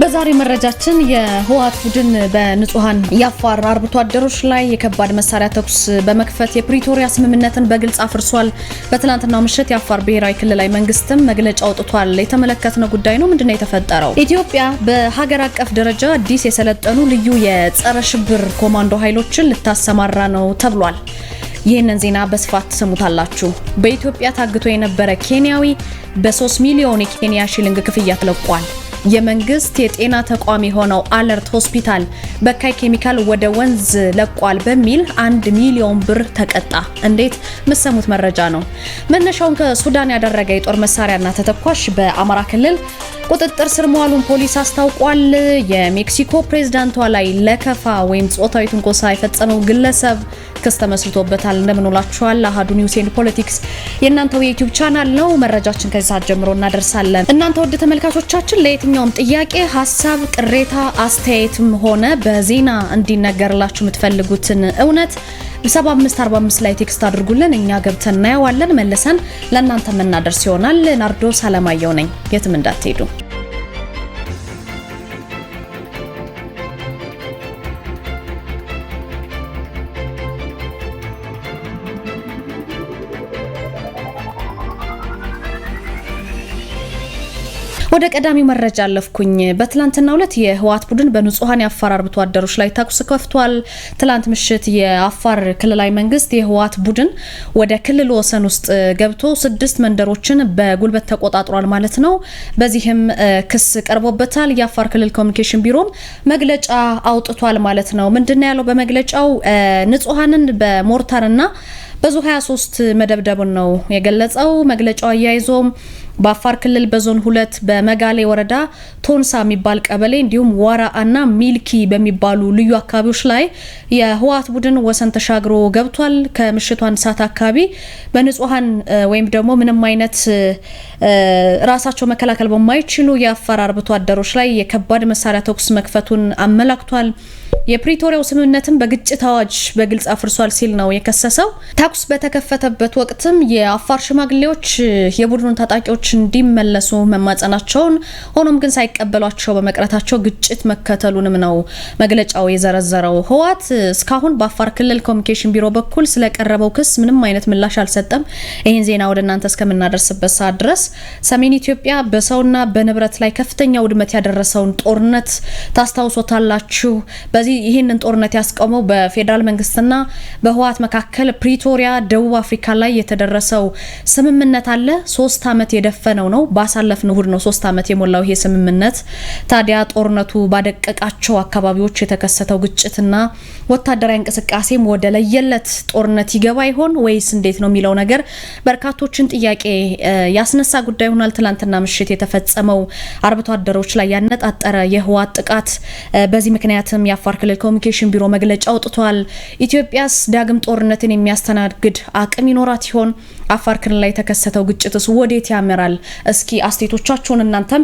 በዛሬ መረጃችን የህወሓት ቡድን በንጹሃን የአፋር አርብቶ አደሮች ላይ የከባድ መሳሪያ ተኩስ በመክፈት የፕሪቶሪያ ስምምነትን በግልጽ አፍርሷል። በትናንትናው ምሽት የአፋር ብሔራዊ ክልላዊ መንግስትም መግለጫ አውጥቷል። የተመለከትነው ጉዳይ ነው። ምንድነው የተፈጠረው? ኢትዮጵያ በሀገር አቀፍ ደረጃ አዲስ የሰለጠኑ ልዩ የጸረ ሽብር ኮማንዶ ኃይሎችን ልታሰማራ ነው ተብሏል። ይህንን ዜና በስፋት ትሰሙታላችሁ። በኢትዮጵያ ታግቶ የነበረ ኬንያዊ በ3 ሚሊዮን የኬንያ ሺሊንግ ክፍያ ተለቋል። የመንግስት የጤና ተቋም የሆነው አለርት ሆስፒታል በካይ ኬሚካል ወደ ወንዝ ለቋል በሚል አንድ ሚሊዮን ብር ተቀጣ። እንዴት ምሰሙት መረጃ ነው። መነሻውን ከሱዳን ያደረገ የጦር መሳሪያና ተተኳሽ በአማራ ክልል ቁጥጥር ስር መዋሉን ፖሊስ አስታውቋል። የሜክሲኮ ፕሬዝዳንቷ ላይ ለከፋ ወይም ጾታዊ ትንኮሳ የፈጸመው ግለሰብ ክስ ተመስርቶበታል። እንደምንውላችኋል አሀዱ ኒውስ ኤንድ ፖለቲክስ የእናንተው የዩቲዩብ ቻናል ነው። መረጃችን ከዚህ ሰዓት ጀምሮ እናደርሳለን። እናንተ ውድ ተመልካቾቻችን ለየት ማንኛውም ጥያቄ፣ ሀሳብ፣ ቅሬታ፣ አስተያየትም ሆነ በዜና እንዲነገርላችሁ የምትፈልጉትን እውነት 7545 ላይ ቴክስት አድርጉልን። እኛ ገብተን እናየዋለን፣ መልሰን ለእናንተ የምናደርስ ይሆናል። ናርዶስ አለማየሁ ነኝ። የትም እንዳትሄዱ። ወደ ቀዳሚ መረጃ አለፍኩኝ። በትላንትናው ዕለት የህወሓት ቡድን በንጹሐን የአፋር አርብቶ አደሮች ላይ ተኩስ ከፍቷል። ትላንት ምሽት የአፋር ክልላዊ መንግስት የህወሓት ቡድን ወደ ክልል ወሰን ውስጥ ገብቶ ስድስት መንደሮችን በጉልበት ተቆጣጥሯል ማለት ነው። በዚህም ክስ ቀርቦበታል። የአፋር ክልል ኮሚኒኬሽን ቢሮም መግለጫ አውጥቷል ማለት ነው። ምንድነው ያለው በመግለጫው ንጹሐንን በሞርታርና በዙ 23 መደብደቡን ነው የገለጸው። መግለጫው አያይዞም በአፋር ክልል በዞን ሁለት በመጋሌ ወረዳ ቶንሳ የሚባል ቀበሌ እንዲሁም እና ሚልኪ በሚባሉ ልዩ አካባቢዎች ላይ የህወሓት ቡድን ወሰን ተሻግሮ ገብቷል። ከምሽቱ አንድ ሰዓት አካባቢ በንጹሀን ወይም ደግሞ ምንም አይነት ራሳቸው መከላከል በማይችሉ የአፋር አርብቶ አደሮች ላይ የከባድ መሳሪያ ተኩስ መክፈቱን አመላክቷል። የፕሪቶሪያው ስምምነትን በግጭት አዋጅ በግልጽ አፍርሷል ሲል ነው የከሰሰው። ተኩስ በተከፈተበት ወቅትም የአፋር ሽማግሌዎች የቡድኑን ታጣቂዎች እንዲመለሱ መማጸናቸውን ሆኖም ግን ሳይቀበሏቸው በመቅረታቸው ግጭት መከተሉንም ነው መግለጫው የዘረዘረው። ህወሓት እስካሁን በአፋር ክልል ኮሚኒኬሽን ቢሮ በኩል ስለቀረበው ክስ ምንም አይነት ምላሽ አልሰጠም። ይህን ዜና ወደ እናንተ እስከምናደርስበት ሰዓት ድረስ ሰሜን ኢትዮጵያ በሰውና በንብረት ላይ ከፍተኛ ውድመት ያደረሰውን ጦርነት ታስታውሶታላችሁ። በዚህ ይህንን ጦርነት ያስቆመው በፌዴራል መንግስትና በህወሓት መካከል ፕሪቶሪያ ደቡብ አፍሪካ ላይ የተደረሰው ስምምነት አለ። ሶስት ዓመት የደ የደፈነው ነው። ባሳለፍነው እሁድ ነው ሶስት ዓመት የሞላው ይሄ ስምምነት። ታዲያ ጦርነቱ ባደቀቃቸው አካባቢዎች የተከሰተው ግጭትና ወታደራዊ እንቅስቃሴም ወደ ለየለት ጦርነት ይገባ ይሆን ወይስ እንዴት ነው የሚለው ነገር በርካቶችን ጥያቄ ያስነሳ ጉዳይ ሆኗል። ትላንትና ምሽት የተፈጸመው አርብቶ አደሮች ላይ ያነጣጠረ የህወሓት ጥቃት በዚህ ምክንያትም የአፋር ክልል ኮሚኒኬሽን ቢሮ መግለጫ አውጥቷል። ኢትዮጵያስ ዳግም ጦርነትን የሚያስተናግድ አቅም ይኖራት ይሆን? አፋር ክልል ላይ የተከሰተው ግጭትስ ወዴት ያመራል? ይጀምራል። እስኪ አስቴቶቻችሁን እናንተም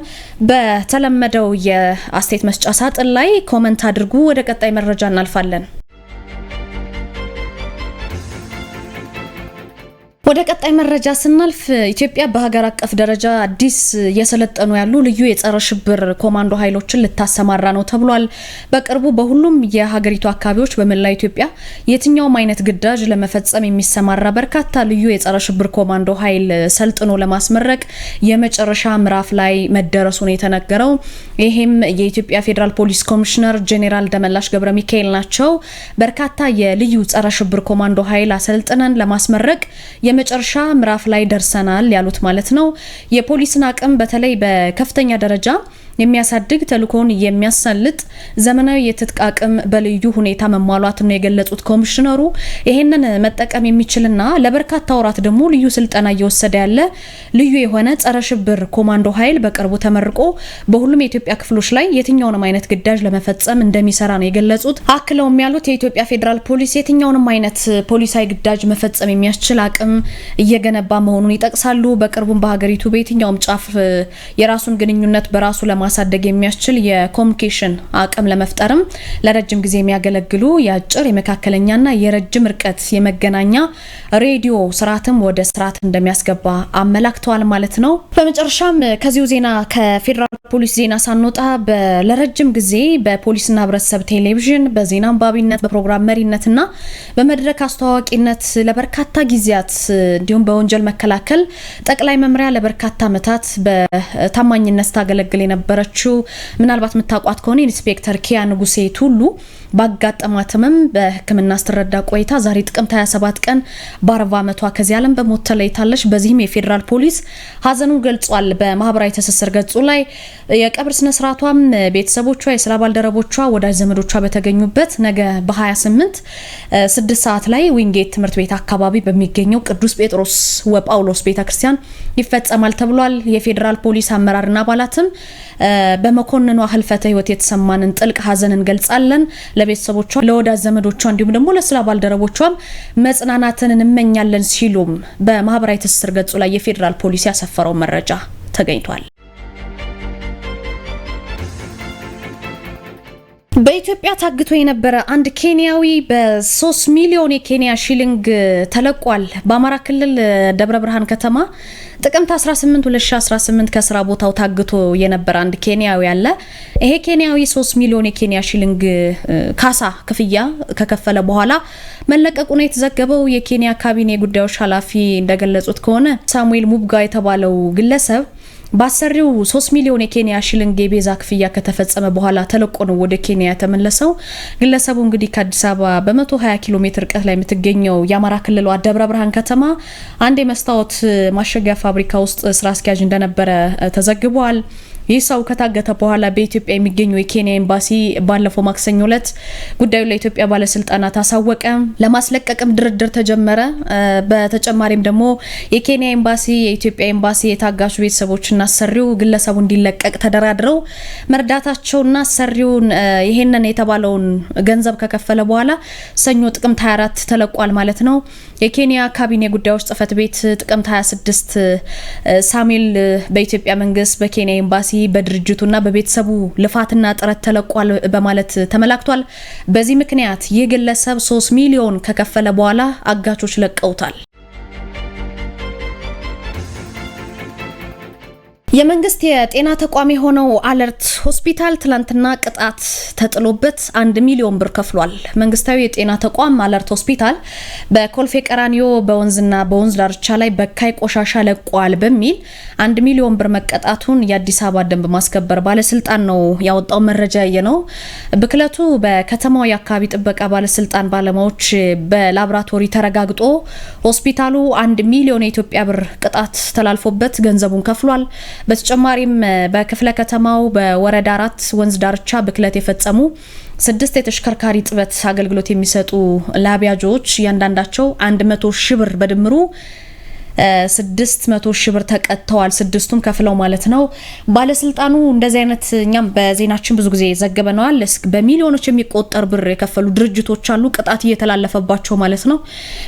በተለመደው የአስቴት መስጫ ሳጥን ላይ ኮመንት አድርጉ። ወደ ቀጣይ መረጃ እናልፋለን። ወደ ቀጣይ መረጃ ስናልፍ ኢትዮጵያ በሀገር አቀፍ ደረጃ አዲስ እየሰለጠኑ ያሉ ልዩ የጸረ ሽብር ኮማንዶ ኃይሎችን ልታሰማራ ነው ተብሏል። በቅርቡ በሁሉም የሀገሪቱ አካባቢዎች በመላ ኢትዮጵያ የትኛውም አይነት ግዳጅ ለመፈጸም የሚሰማራ በርካታ ልዩ የጸረ ሽብር ኮማንዶ ኃይል ሰልጥኖ ለማስመረቅ የመጨረሻ ምዕራፍ ላይ መደረሱ የተነገረው። ይህም የኢትዮጵያ ፌዴራል ፖሊስ ኮሚሽነር ጄኔራል ደመላሽ ገብረ ሚካኤል ናቸው። በርካታ የልዩ ጸረ ሽብር ኮማንዶ ኃይል አሰልጥነን ለማስመረቅ የመጨረሻ ምዕራፍ ላይ ደርሰናል ያሉት ማለት ነው። የፖሊስን አቅም በተለይ በከፍተኛ ደረጃ የሚያሳድግ ተልእኮውን የሚያሳልጥ ዘመናዊ የትጥቅ አቅም በልዩ ሁኔታ መሟሏት ነው የገለጹት ኮሚሽነሩ። ይሄንን መጠቀም የሚችልና ለበርካታ ወራት ደግሞ ልዩ ስልጠና እየወሰደ ያለ ልዩ የሆነ ጸረ ሽብር ኮማንዶ ኃይል በቅርቡ ተመርቆ በሁሉም የኢትዮጵያ ክፍሎች ላይ የትኛውንም አይነት ግዳጅ ለመፈጸም እንደሚሰራ ነው የገለጹት። አክለውም ያሉት የኢትዮጵያ ፌዴራል ፖሊስ የትኛውንም አይነት ፖሊሳዊ ግዳጅ መፈጸም የሚያስችል አቅም እየገነባ መሆኑን ይጠቅሳሉ። በቅርቡም በሀገሪቱ በየትኛውም ጫፍ የራሱን ግንኙነት በራሱ ለማ ለማሳደግ የሚያስችል የኮሚኒኬሽን አቅም ለመፍጠርም ለረጅም ጊዜ የሚያገለግሉ የአጭር የመካከለኛና የረጅም ርቀት የመገናኛ ሬዲዮ ስርዓትም ወደ ስርዓት እንደሚያስገባ አመላክተዋል ማለት ነው። በመጨረሻም ከዚሁ ዜና ከፌዴራል ፖሊስ ዜና ሳንወጣ ለረጅም ጊዜ በፖሊስና ህብረተሰብ ቴሌቪዥን በዜና አንባቢነት በፕሮግራም መሪነትና በመድረክ አስተዋዋቂነት ለበርካታ ጊዜያት እንዲሁም በወንጀል መከላከል ጠቅላይ መምሪያ ለበርካታ አመታት በታማኝነት ታገለግል የነበረችው ምናልባት የምታውቋት ከሆነ ኢንስፔክተር ኪያ ንጉሴ ቱሉ ባጋጠማትምም በሕክምና ስትረዳ ቆይታ ዛሬ ጥቅምት 27 ቀን በ40 ዓመቷ ከዚህ ዓለም በሞት ተለይታለች። በዚህም የፌዴራል ፖሊስ ሀዘኑን ገልጿል። በማህበራዊ ትስስር ገጹ ላይ የቀብር ስነስርዓቷም ቤተሰቦቿ፣ የስራ ባልደረቦቿ፣ ወዳጅ ዘመዶቿ በተገኙበት ነገ በ28 6 ሰዓት ላይ ዊንጌት ትምህርት ቤት አካባቢ በሚገኘው ቅዱስ ጴጥሮስ ወጳውሎስ ቤተክርስቲያን ይፈጸማል ተብሏል። የፌዴራል ፖሊስ አመራርና አባላትም በመኮንኗ ህልፈተ ህይወት የተሰማንን ጥልቅ ሀዘን እንገልጻለን። ለቤተሰቦቿ፣ ለወዳጅ ዘመዶቿ እንዲሁም ደግሞ ለስራ ባልደረቦቿም መጽናናትን እንመኛለን ሲሉም በማህበራዊ ትስስር ገጹ ላይ የፌዴራል ፖሊስ ያሰፈረው መረጃ ተገኝቷል። በኢትዮጵያ ታግቶ የነበረ አንድ ኬንያዊ በ3 ሚሊዮን የኬንያ ሺሊንግ ተለቋል። በአማራ ክልል ደብረ ብርሃን ከተማ ጥቅምት 18 2018 ከስራ ቦታው ታግቶ የነበረ አንድ ኬንያዊ አለ። ይሄ ኬንያዊ 3 ሚሊዮን የኬንያ ሺሊንግ ካሳ ክፍያ ከከፈለ በኋላ መለቀቁ ነው የተዘገበው። የኬንያ ካቢኔ ጉዳዮች ኃላፊ እንደገለጹት ከሆነ ሳሙኤል ሙብጋ የተባለው ግለሰብ በአሰሪው 3 ሚሊዮን የኬንያ ሺሊንግ የቤዛ ክፍያ ከተፈጸመ በኋላ ተለቆ ነው ወደ ኬንያ የተመለሰው። ግለሰቡ እንግዲህ ከአዲስ አበባ በ120 ኪሎ ሜትር ርቀት ላይ የምትገኘው የአማራ ክልሏ ደብረ ብርሃን ከተማ አንድ የመስታወት ማሸጊያ ፋብሪካ ውስጥ ስራ አስኪያጅ እንደነበረ ተዘግቧል። ይህ ሰው ከታገተ በኋላ በኢትዮጵያ የሚገኘው የኬንያ ኤምባሲ ባለፈው ማክሰኞ ዕለት ጉዳዩን ለኢትዮጵያ ባለስልጣናት አሳወቀ። ለማስለቀቅም ድርድር ተጀመረ። በተጨማሪም ደግሞ የኬንያ ኤምባሲ፣ የኢትዮጵያ ኤምባሲ የታጋሹ ቤተሰቦችና አሰሪው ግለሰቡ እንዲለቀቅ ተደራድረው መርዳታቸውና አሰሪውን ይሄንን የተባለውን ገንዘብ ከከፈለ በኋላ ሰኞ ጥቅምት 24 ተለቋል ማለት ነው። የኬንያ ካቢኔ ጉዳዮች ጽህፈት ቤት ጥቅምት 26 ሳሚል በኢትዮጵያ መንግስት በኬንያ ኤምባሲ በድርጅቱና በቤተሰቡ ልፋትና ጥረት ተለቋል በማለት ተመላክቷል። በዚህ ምክንያት ይህ ግለሰብ 3 ሚሊዮን ከከፈለ በኋላ አጋቾች ለቀውታል። የመንግስት የጤና ተቋም የሆነው አለርት ሆስፒታል ትላንትና ቅጣት ተጥሎበት አንድ ሚሊዮን ብር ከፍሏል። መንግስታዊ የጤና ተቋም አለርት ሆስፒታል በኮልፌ ቀራኒዮ በወንዝና በወንዝ ዳርቻ ላይ በካይ ቆሻሻ ለቋል በሚል አንድ ሚሊዮን ብር መቀጣቱን የአዲስ አበባ ደንብ ማስከበር ባለስልጣን ነው ያወጣው መረጃ ነው። ብክለቱ በከተማው የአካባቢ ጥበቃ ባለስልጣን ባለሙያዎች በላብራቶሪ ተረጋግጦ ሆስፒታሉ አንድ ሚሊዮን የኢትዮጵያ ብር ቅጣት ተላልፎበት ገንዘቡን ከፍሏል። በተጨማሪም በክፍለ ከተማው በወረዳ አራት ወንዝ ዳርቻ ብክለት የፈጸሙ ስድስት የተሽከርካሪ ጥበት አገልግሎት የሚሰጡ ላቢያጆች እያንዳንዳቸው 100 ሺህ ብር በድምሩ ስድስት መቶ ሺህ ብር ተቀጥተዋል። ስድስቱም ከፍለው ማለት ነው። ባለስልጣኑ እንደዚህ አይነት እኛም በዜናችን ብዙ ጊዜ ዘግበነዋል። በሚሊዮኖች የሚቆጠር ብር የከፈሉ ድርጅቶች አሉ፣ ቅጣት እየተላለፈባቸው ማለት ነው።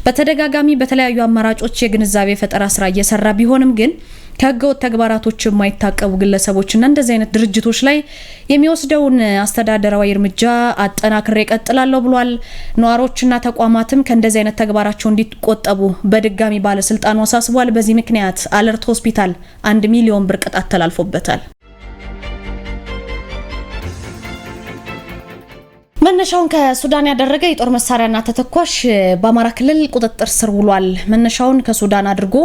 በተደጋጋሚ በተለያዩ አማራጮች የግንዛቤ ፈጠራ ስራ እየሰራ ቢሆንም ግን ከህገወጥ ተግባራቶች የማይታቀቡ ግለሰቦችና እንደዚህ አይነት ድርጅቶች ላይ የሚወስደውን አስተዳደራዊ እርምጃ አጠናክሬ ቀጥላለሁ ብሏል። ነዋሪዎችና ተቋማትም ከእንደዚህ አይነት ተግባራቸው እንዲቆጠቡ በድጋሚ ባለስልጣኑ አሳስቧል። በዚህ ምክንያት አለርት ሆስፒታል አንድ ሚሊዮን ብር ቅጣት ተላልፎበታል። መነሻውን ከሱዳን ያደረገ የጦር መሳሪያና ተተኳሽ በአማራ ክልል ቁጥጥር ስር ውሏል። መነሻውን ከሱዳን አድርጎ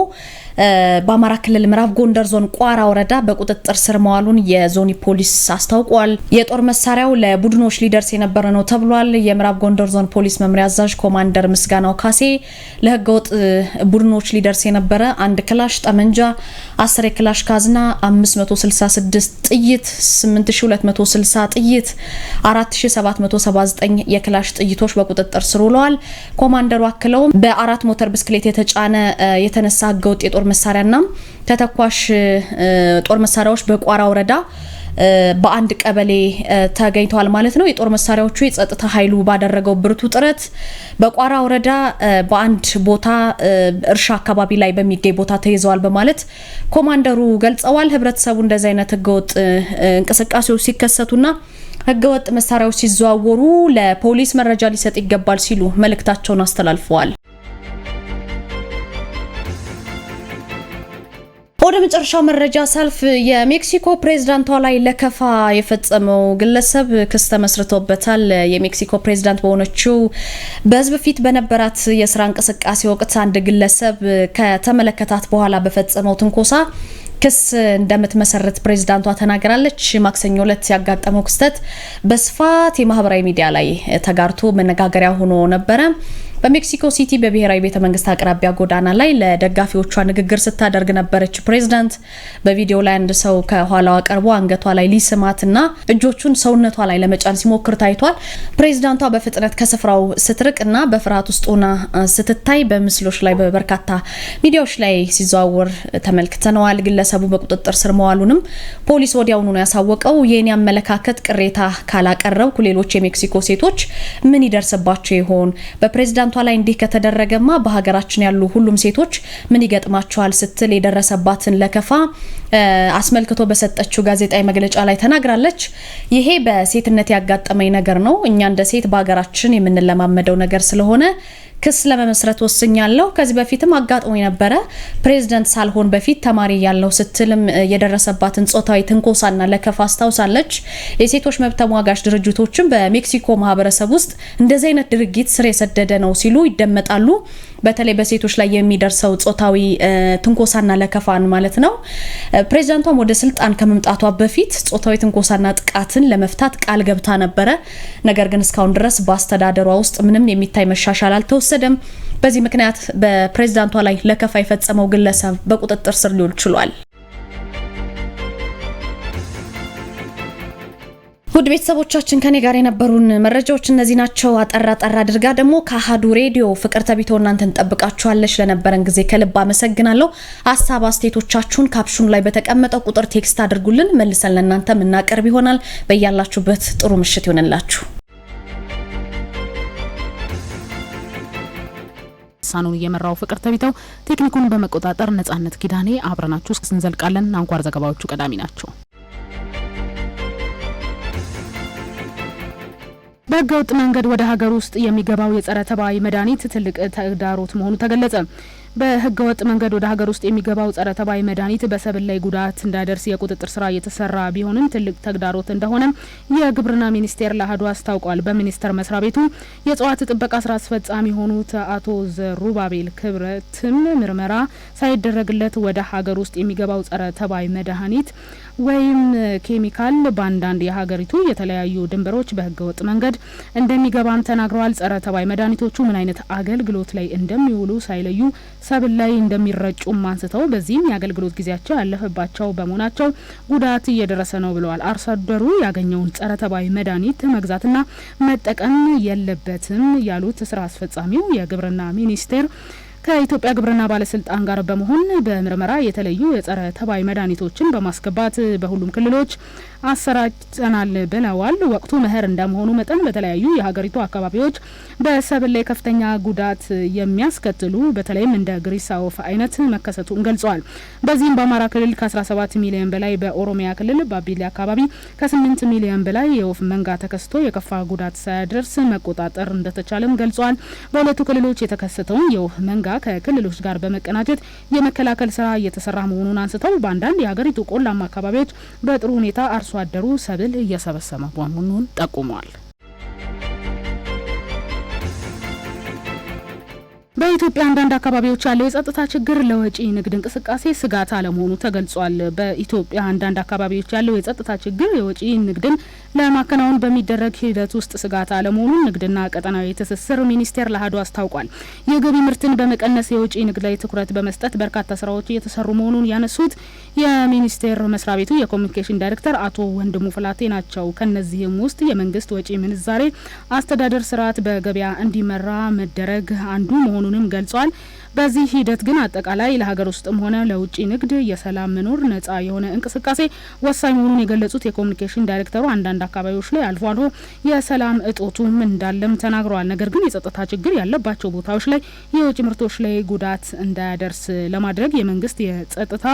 በአማራ ክልል ምዕራብ ጎንደር ዞን ቋራ ወረዳ በቁጥጥር ስር መዋሉን የዞኒ ፖሊስ አስታውቋል። የጦር መሳሪያው ለቡድኖች ሊደርስ የነበረ ነው ተብሏል። የምዕራብ ጎንደር ዞን ፖሊስ መምሪያ አዛዥ ኮማንደር ምስጋናው ካሴ ለህገወጥ ቡድኖች ሊደርስ የነበረ አንድ ክላሽ ጠመንጃ፣ 10 የክላሽ ካዝና፣ 566 ጥይት፣ 8260 ጥይት፣ 4779 የክላሽ ጥይቶች በቁጥጥር ስር ውለዋል። ኮማንደሩ አክለውም በአራት ሞተር ብስክሌት የተጫነ የተነሳ ህገወጥ የጦር የጦር መሳሪያና ተተኳሽ ጦር መሳሪያዎች በቋራ ወረዳ በአንድ ቀበሌ ተገኝተዋል ማለት ነው። የጦር መሳሪያዎቹ የጸጥታ ኃይሉ ባደረገው ብርቱ ጥረት በቋራ ወረዳ በአንድ ቦታ እርሻ አካባቢ ላይ በሚገኝ ቦታ ተይዘዋል በማለት ኮማንደሩ ገልጸዋል። ህብረተሰቡ እንደዚህ አይነት ህገወጥ እንቅስቃሴዎች ሲከሰቱና ህገወጥ መሳሪያዎች ሲዘዋወሩ ለፖሊስ መረጃ ሊሰጥ ይገባል ሲሉ መልእክታቸውን አስተላልፈዋል። ወደ መጨረሻው መረጃ ሰልፍ የሜክሲኮ ፕሬዝዳንቷ ላይ ለከፋ የፈጸመው ግለሰብ ክስ ተመስርቶበታል። የሜክሲኮ ፕሬዝዳንት በሆነችው በህዝብ ፊት በነበራት የስራ እንቅስቃሴ ወቅት አንድ ግለሰብ ከተመለከታት በኋላ በፈጸመው ትንኮሳ ክስ እንደምትመሰርት ፕሬዝዳንቷ ተናግራለች። ማክሰኞ ዕለት ያጋጠመው ክስተት በስፋት የማህበራዊ ሚዲያ ላይ ተጋርቶ መነጋገሪያ ሆኖ ነበረ። በሜክሲኮ ሲቲ በብሔራዊ ቤተ መንግስት አቅራቢያ ጎዳና ላይ ለደጋፊዎቿ ንግግር ስታደርግ ነበረች። ፕሬዝዳንት በቪዲዮ ላይ አንድ ሰው ከኋላዋ ቀርቦ አንገቷ ላይ ሊስማትና እጆቹን ሰውነቷ ላይ ለመጫን ሲሞክር ታይቷል። ፕሬዚዳንቷ በፍጥነት ከስፍራው ስትርቅ እና በፍርሃት ውስጥ ሆና ስትታይ በምስሎች ላይ በበርካታ ሚዲያዎች ላይ ሲዘዋወር ተመልክተነዋል። ግለሰቡ በቁጥጥር ስር መዋሉንም ፖሊስ ወዲያውኑ ነው ያሳወቀው። ይህን አመለካከት ቅሬታ ካላቀረብኩ ሌሎች የሜክሲኮ ሴቶች ምን ይደርስባቸው ይሆን? በፕሬዝዳንቱ ፕሬዝዳንቷ ላይ እንዲህ ከተደረገማ በሀገራችን ያሉ ሁሉም ሴቶች ምን ይገጥማቸዋል ስትል የደረሰባትን ለከፋ አስመልክቶ በሰጠችው ጋዜጣዊ መግለጫ ላይ ተናግራለች። ይሄ በሴትነት ያጋጠመኝ ነገር ነው። እኛ እንደ ሴት በሀገራችን የምንለማመደው ነገር ስለሆነ ክስ ለመመስረት ወስኛለሁ። ከዚህ በፊትም አጋጥሞ የነበረ ፕሬዝደንት ሳልሆን በፊት ተማሪ ያለው ስትልም የደረሰባትን ጾታዊ ትንኮሳና ለከፋ አስታውሳለች። የሴቶች መብት ተሟጋች ድርጅቶችም በሜክሲኮ ማህበረሰብ ውስጥ እንደዚህ አይነት ድርጊት ስር የሰደደ ነው ሲሉ ይደመጣሉ። በተለይ በሴቶች ላይ የሚደርሰው ጾታዊ ትንኮሳና ለከፋን ማለት ነው። ፕሬዚዳንቷም ወደ ስልጣን ከመምጣቷ በፊት ጾታዊ ትንኮሳና ጥቃትን ለመፍታት ቃል ገብታ ነበረ። ነገር ግን እስካሁን ድረስ በአስተዳደሯ ውስጥ ምንም የሚታይ መሻሻል አልተወሰ አልወሰደም። በዚህ ምክንያት በፕሬዝዳንቷ ላይ ለከፋ የፈጸመው ግለሰብ በቁጥጥር ስር ሊውል ችሏል። ውድ ቤተሰቦቻችን ከኔ ጋር የነበሩን መረጃዎች እነዚህ ናቸው። አጠራ ጠራ አድርጋ ደግሞ ከአሀዱ ሬዲዮ ፍቅር ተቢቶ እናንተን ጠብቃችኋለች። ለነበረን ጊዜ ከልብ አመሰግናለሁ። ሀሳብ አስተያየቶቻችሁን ካፕሽኑ ላይ በተቀመጠው ቁጥር ቴክስት አድርጉልን፣ መልሰን ለእናንተ የምናቀርብ ይሆናል። በያላችሁበት ጥሩ ምሽት ይሆንላችሁ። ልሳኑን እየመራው ፍቅር ተቢተው፣ ቴክኒኩን በመቆጣጠር ነጻነት ኪዳኔ። አብረናችሁ ስንዘልቃለን። አንኳር ዘገባዎቹ ቀዳሚ ናቸው። በህገ መንገድ ወደ ሀገር ውስጥ የሚገባው የጸረ ተባይ መድኃኒት ትልቅ ተግዳሮት መሆኑ ተገለጸ። በህገወጥ መንገድ ወደ ሀገር ውስጥ የሚገባው ጸረ ተባይ መድኃኒት በሰብል ላይ ጉዳት እንዳይደርስ የቁጥጥር ስራ እየተሰራ ቢሆንም ትልቅ ተግዳሮት እንደሆነ የግብርና ሚኒስቴር ለአህዱ አስታውቋል። በሚኒስቴር መስሪያ ቤቱ የእጽዋት ጥበቃ ስራ አስፈጻሚ የሆኑት አቶ ዘሩባቤል ክብረትም ምርመራ ሳይደረግለት ወደ ሀገር ውስጥ የሚገባው ጸረ ተባይ መድኃኒት ወይም ኬሚካል በአንዳንድ የሀገሪቱ የተለያዩ ድንበሮች በህገወጥ መንገድ እንደሚገባም ተናግረዋል። ጸረ ተባይ መድኃኒቶቹ ምን አይነት አገልግሎት ላይ እንደሚውሉ ሳይለዩ ሰብል ላይ እንደሚረጩም አንስተው በዚህም የአገልግሎት ጊዜያቸው ያለፈባቸው በመሆናቸው ጉዳት እየደረሰ ነው ብለዋል። አርሶ አደሩ ያገኘውን ጸረ ተባይ መድኃኒት መግዛትና መጠቀም የለበትም ያሉት ስራ አስፈጻሚው የግብርና ሚኒስቴር ከኢትዮጵያ ግብርና ባለስልጣን ጋር በመሆን በምርመራ የተለዩ የጸረ ተባይ መድኃኒቶችን በማስገባት በሁሉም ክልሎች አሰራጭተናል ብለዋል። ወቅቱ መኸር እንደመሆኑ መጠን በተለያዩ የሀገሪቱ አካባቢዎች በሰብል ላይ ከፍተኛ ጉዳት የሚያስከትሉ በተለይም እንደ ግሪሳ ወፍ አይነት መከሰቱን ገልጸዋል። በዚህም በአማራ ክልል ከ17 ሚሊዮን በላይ በኦሮሚያ ክልል ባቢሌ አካባቢ ከ8 ሚሊዮን በላይ የወፍ መንጋ ተከስቶ የከፋ ጉዳት ሳያደርስ መቆጣጠር እንደተቻለም ገልጿል። በሁለቱ ክልሎች የተከሰተውን የወፍ መንጋ ከክልሎች ጋር በመቀናጀት የመከላከል ስራ እየተሰራ መሆኑን አንስተው በአንዳንድ የሀገሪቱ ቆላማ አካባቢዎች በጥሩ ሁኔታ አርሶ አርሶ አደሩ ሰብል እየሰበሰበ መሆኑን ጠቁሟል። በኢትዮጵያ አንዳንድ አካባቢዎች ያለው የጸጥታ ችግር ለወጪ ንግድ እንቅስቃሴ ስጋት አለመሆኑ ተገልጿል። በኢትዮጵያ አንዳንድ አካባቢዎች ያለው የጸጥታ ችግር የወጪ ንግድን ለማከናወን በሚደረግ ሂደት ውስጥ ስጋት አለመሆኑን ንግድና ቀጠናዊ ትስስር ሚኒስቴር ለአሀዱ አስታውቋል። የገቢ ምርትን በመቀነስ የውጭ ንግድ ላይ ትኩረት በመስጠት በርካታ ስራዎች እየተሰሩ መሆኑን ያነሱት የሚኒስቴር መስሪያ ቤቱ የኮሚኒኬሽን ዳይሬክተር አቶ ወንድሙ ፍላቴ ናቸው። ከነዚህም ውስጥ የመንግስት ወጪ ምንዛሬ አስተዳደር ስርዓት በገበያ እንዲመራ መደረግ አንዱ መሆኑንም ገልጿል። በዚህ ሂደት ግን አጠቃላይ ለሀገር ውስጥም ሆነ ለውጭ ንግድ የሰላም መኖር ነጻ የሆነ እንቅስቃሴ ወሳኝ መሆኑን የገለጹት የኮሚኒኬሽን ዳይሬክተሩ አንዳንድ አካባቢዎች ላይ አልፎ አልፎ የሰላም እጦቱም እንዳለም ተናግረዋል። ነገር ግን የጸጥታ ችግር ያለባቸው ቦታዎች ላይ የውጭ ምርቶች ላይ ጉዳት እንዳያደርስ ለማድረግ የመንግስት የጸጥታ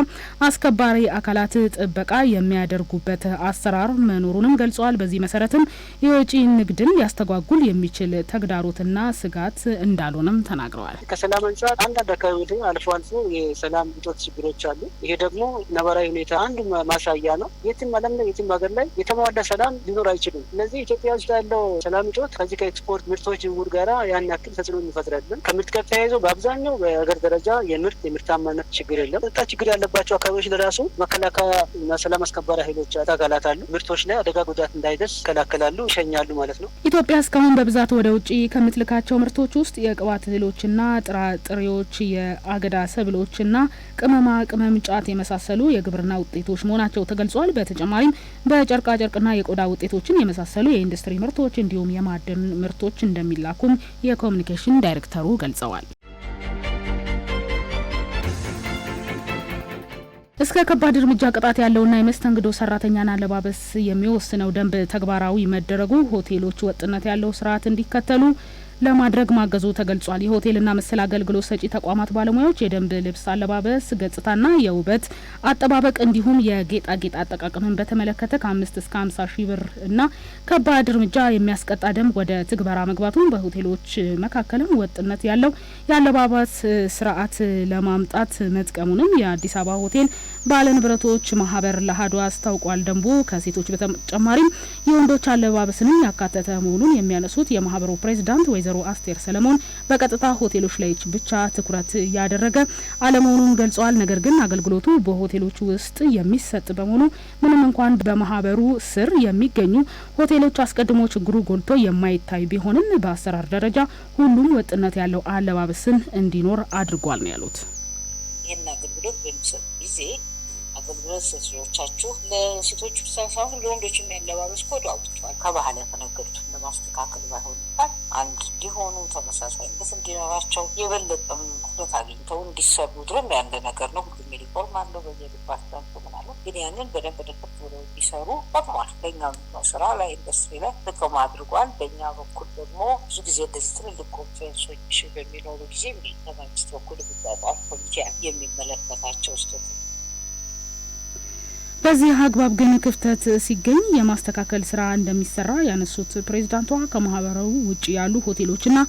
አስከባሪ አካላት ጥበቃ የሚያደርጉበት አሰራር መኖሩንም ገልጸዋል። በዚህ መሰረትም የውጭ ንግድን ሊያስተጓጉል የሚችል ተግዳሮትና ስጋት እንዳልሆነም ተናግረዋል። ከሰላም አንጻር አንዳንድ አካባቢ ደግሞ አልፎ አልፎ የሰላም እጦት ችግሮች አሉ። ይሄ ደግሞ ነባራዊ ሁኔታ አንዱ ማሳያ ነው። የትም ዓለም ላይ የትም ሀገር ላይ የተሟላ ሰላም ሊኖር አይችልም። ስለዚህ ኢትዮጵያ ውስጥ ያለው ሰላም እጦት ከዚህ ከኤክስፖርት ምርቶች ዝውውር ጋራ ያን ያክል ተጽዕኖ እንፈጥራለን። ከምርት ጋር ተያይዞ በአብዛኛው በሀገር ደረጃ የምርት የምርታማነት ችግር የለም። ጸጥታ ችግር ያለባቸው አካባቢዎች ለራሱ መከላከያ እና ሰላም አስከባሪ ኃይሎች አካላት አሉ። ምርቶች ላይ አደጋ ጉዳት እንዳይደርስ ይከላከላሉ፣ ይሸኛሉ ማለት ነው። ኢትዮጵያ እስካሁን በብዛት ወደ ውጭ ከምትልካቸው ምርቶች ውስጥ የቅባት እህሎችና ጥራጥሬዎች ምርቶች የአገዳ ሰብሎችና ቅመማ ቅመም ጫት የመሳሰሉ የግብርና ውጤቶች መሆናቸው ተገልጿል። በተጨማሪም በጨርቃ ጨርቅና የቆዳ ውጤቶችን የመሳሰሉ የኢንዱስትሪ ምርቶች እንዲሁም የማዕድን ምርቶች እንደሚላኩም የኮሚኒኬሽን ዳይሬክተሩ ገልጸዋል። እስከ ከባድ እርምጃ ቅጣት ያለውና የመስተንግዶ ሰራተኛን አለባበስ የሚወስነው ደንብ ተግባራዊ መደረጉ ሆቴሎች ወጥነት ያለው ስርዓት እንዲከተሉ ለማድረግ ማገዙ ተገልጿል። የሆቴልና መሰል አገልግሎት ሰጪ ተቋማት ባለሙያዎች የደንብ ልብስ አለባበስ፣ ገጽታና የውበት አጠባበቅ እንዲሁም የጌጣጌጥ አጠቃቀምን በተመለከተ ከአምስት እስከ ሀምሳ ሺህ ብር እና ከባድ እርምጃ የሚያስቀጣ ደንብ ወደ ትግበራ መግባቱን በሆቴሎች መካከልም ወጥነት ያለው የአለባበስ ስርዓት ለማምጣት መጥቀሙንም የአዲስ አበባ ሆቴል ባለንብረቶች ማህበር ለአሀዱ አስታውቋል። ደንቡ ከሴቶች በተጨማሪም የወንዶች አለባበስንም ያካተተ መሆኑን የሚያነሱት የማህበሩ ፕሬዚዳንት ወይዘሮ አስቴር ሰለሞን በቀጥታ ሆቴሎች ላይ ብቻ ትኩረት ያደረገ አለመሆኑን ገልጸዋል። ነገር ግን አገልግሎቱ በሆቴሎች ውስጥ የሚሰጥ በመሆኑ ምንም እንኳን በማህበሩ ስር የሚገኙ ሆቴሎች አስቀድሞ ችግሩ ጎልቶ የማይታይ ቢሆንም በአሰራር ደረጃ ሁሉም ወጥነት ያለው አለባበስን እንዲኖር አድርጓል ነው ያሉት። ይህን አገልግሎት በሚሰጡ ጊዜ አገልግሎት ሰጪዎቻችሁ ለሴቶች ብቻ ሳይሆን ለወንዶችም ያለባበስ ኮድ አውጥቷል። ከባህል የተነገሩትን ለማስተካከል ባይሆን ይባል አንድ እንዲሆኑ ተመሳሳይነት እንዲኖራቸው የበለጠም ትኩረት አግኝተው እንዲሰሩ ድሮም ያለ ነገር ነው። ሁሉም ዩኒፎርም አለው በየልባት ግን ያንን በደንብ ድቅት ብሎ እንዲሰሩ ጠቅሟል። በእኛ ነው ስራ ላይ ኢንዱስትሪ ላይ ጥቅም አድርጓል። በእኛ በኩል ደግሞ ብዙ ጊዜ እንደዚህ ትልልቅ ኮንፈረንሶች በሚኖሩ ጊዜ ከመንግስት በኩል የሚጠጣል ኮሚቴ የሚመለከታቸው ስቶት በዚህ አግባብ ግን ክፍተት ሲገኝ የማስተካከል ስራ እንደሚሰራ ያነሱት ፕሬዚዳንቷ ከማህበረው ውጭ ያሉ ሆቴሎችና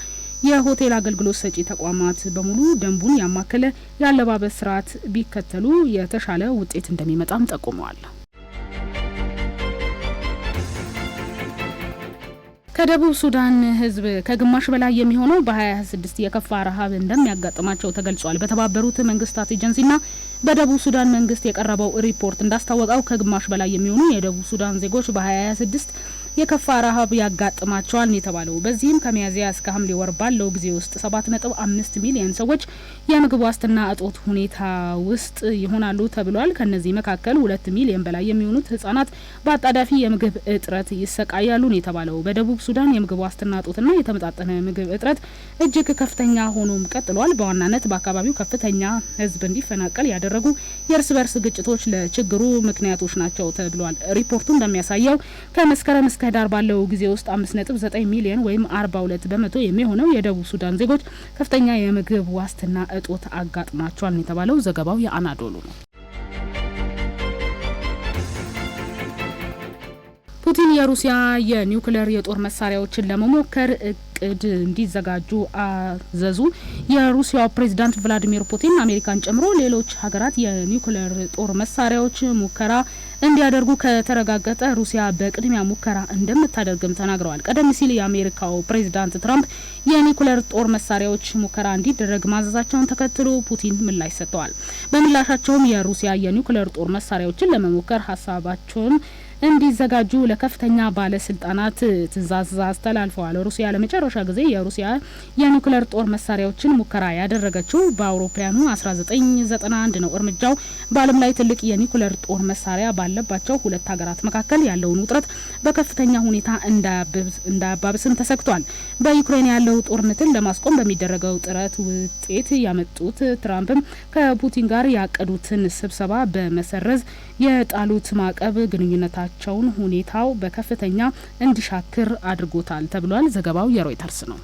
የሆቴል አገልግሎት ሰጪ ተቋማት በሙሉ ደንቡን ያማከለ የአለባበስ ስርዓት ቢከተሉ የተሻለ ውጤት እንደሚመጣም ጠቁመዋል። ከደቡብ ሱዳን ህዝብ ከግማሽ በላይ የሚሆነው በ 26 የከፋ ረሃብ እንደሚያጋጥማቸው ተገልጿል። በተባበሩት መንግስታት ኤጀንሲና በደቡብ ሱዳን መንግስት የቀረበው ሪፖርት እንዳስታወቀው ከግማሽ በላይ የሚሆኑ የደቡብ ሱዳን ዜጎች በ 26 የከፋ ረሀብ ያጋጥማቸዋል የተባለው። በዚህም ከሚያዝያ እስከ ሐምሌ ወር ባለው ጊዜ ውስጥ ሰባት ነጥብ አምስት ሚሊዮን ሰዎች የምግብ ዋስትና እጦት ሁኔታ ውስጥ ይሆናሉ ተብሏል። ከነዚህ መካከል ሁለት ሚሊዮን በላይ የሚሆኑት ህጻናት በአጣዳፊ የምግብ እጥረት ይሰቃያሉ የተባለው። በደቡብ ሱዳን የምግብ ዋስትና እጦትና የተመጣጠነ ምግብ እጥረት እጅግ ከፍተኛ ሆኖም ቀጥሏል። በዋናነት በአካባቢው ከፍተኛ ህዝብ እንዲፈናቀል ያደረጉ የእርስ በርስ ግጭቶች ለችግሩ ምክንያቶች ናቸው ተብሏል። ሪፖርቱ እንደሚያሳየው ከመስከረም እስከ ባለው ጊዜ ውስጥ 5.9 ሚሊዮን ወይም 42 በመቶ የሚሆነው የደቡብ ሱዳን ዜጎች ከፍተኛ የምግብ ዋስትና እጦት አጋጥሟቸዋል የተባለው። ዘገባው የአናዶሉ ነው። ፑቲን የሩሲያ የኒውክሌር የጦር መሳሪያዎችን ለመሞከር እቅድ እንዲዘጋጁ አዘዙ። የሩሲያው ፕሬዚዳንት ቭላዲሚር ፑቲን አሜሪካን ጨምሮ ሌሎች ሀገራት የኒውክሌር ጦር መሳሪያዎች ሙከራ እንዲያደርጉ ከተረጋገጠ ሩሲያ በቅድሚያ ሙከራ እንደምታደርግም ተናግረዋል። ቀደም ሲል የአሜሪካው ፕሬዚዳንት ትራምፕ የኒውክሌር ጦር መሳሪያዎች ሙከራ እንዲደረግ ማዘዛቸውን ተከትሎ ፑቲን ምላሽ ሰጥተዋል። በምላሻቸውም የሩሲያ የኒውክሌር ጦር መሳሪያዎችን ለመሞከር ሀሳባቸውን እንዲዘጋጁ ለከፍተኛ ባለስልጣናት ትእዛዝ አስተላልፈዋል። ሩሲያ ለመጨረሻ ጊዜ የሩሲያ የኒውክሌር ጦር መሳሪያዎችን ሙከራ ያደረገችው በአውሮፓያኑ 1991 ነው። እርምጃው በዓለም ላይ ትልቅ የኒውክሌር ጦር መሳሪያ ባለባቸው ሁለት ሀገራት መካከል ያለውን ውጥረት በከፍተኛ ሁኔታ እንዳያባብስም ተሰግቷል። በዩክሬን ያለው ጦርነትን ለማስቆም በሚደረገው ጥረት ውጤት ያመጡት ትራምፕም ከፑቲን ጋር ያቀዱትን ስብሰባ በመሰረዝ የጣሉት ማዕቀብ ግንኙነታ የሚያደርጋቸውን ሁኔታው በከፍተኛ እንዲሻክር አድርጎታል ተብሏል። ዘገባው የሮይተርስ ነው።